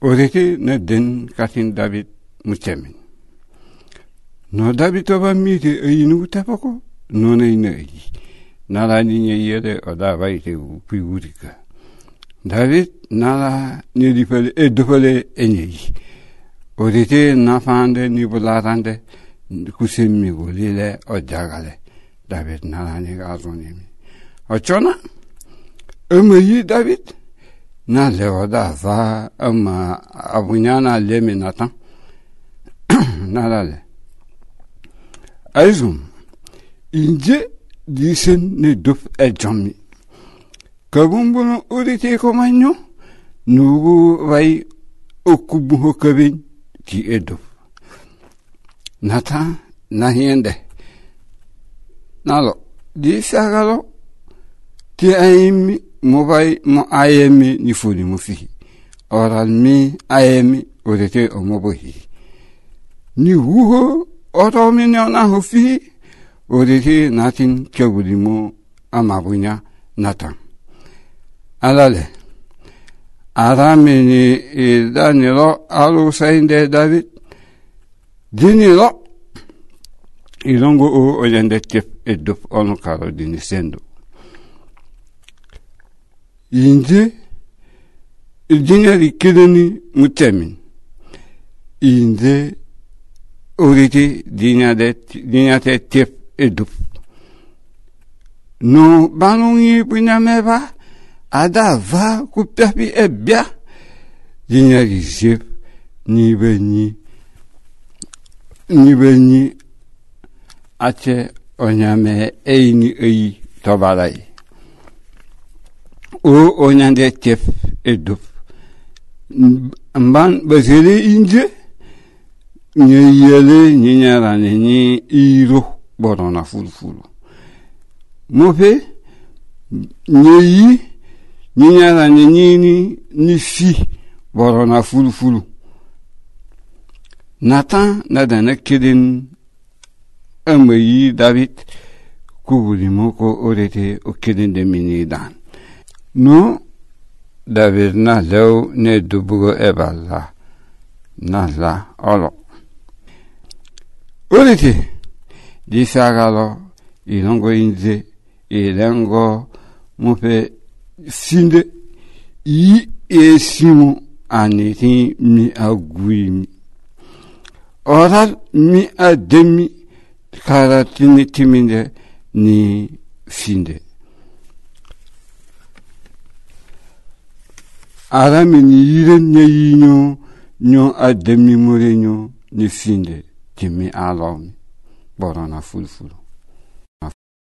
odete na den katin David mutemin. No David oba mite eyi nugu tapako no na ina eyi. Nala ninye yere oda vaite upi urika. David nala niripele edupele enyeyi. Odete nafande nibularande kusemi golile odjagale. David nala niga azonemi. Ochona, emeyi David, n'ale oda za ma abunya na le minata n'alale aizum inje disen ne dup e jomi kabumbuno urite ko manyo nubu vai okubu ho kabin ki edo lo nahiende nalo disagalo ti ayemi mobai mo ayemi ni funi musihi oral mi ayemi odete omobohi ni huho oto mi ne ona hofi odete natin kyogudimo amabunya natan alale aramini idaniro alusainde david diniro ilongo o oyende tep edup onu karo dini 인제 이진열이 기르니 무채민 인제 우리지 니냐데 니냐테 팁 에둡 노 바농이 부냐메바 아다와 쿠피아비 에비아 니냐리 집 니베니 니베니 아체 오냐메 에이니 에이 도바라이 o onande tef e duf mban basere ne nye ne nye nyarane nye iro borona fulufulu mofe ne yi ne nyarane ne ni si borona fulufulu natan nadana kedin amayi david kubulimo orete o kedin de mini Nu David na leu ne dubugo eba la na la olo. Uliti disagalo ilongo inze ilengo mupe sinde i esimu aniti mi aguimi. Oral mi ademi karatini timinde ni sinde. arame ni yire nye yinyo nyo ademi mure nyo ni finde timi alomi borona fulfulu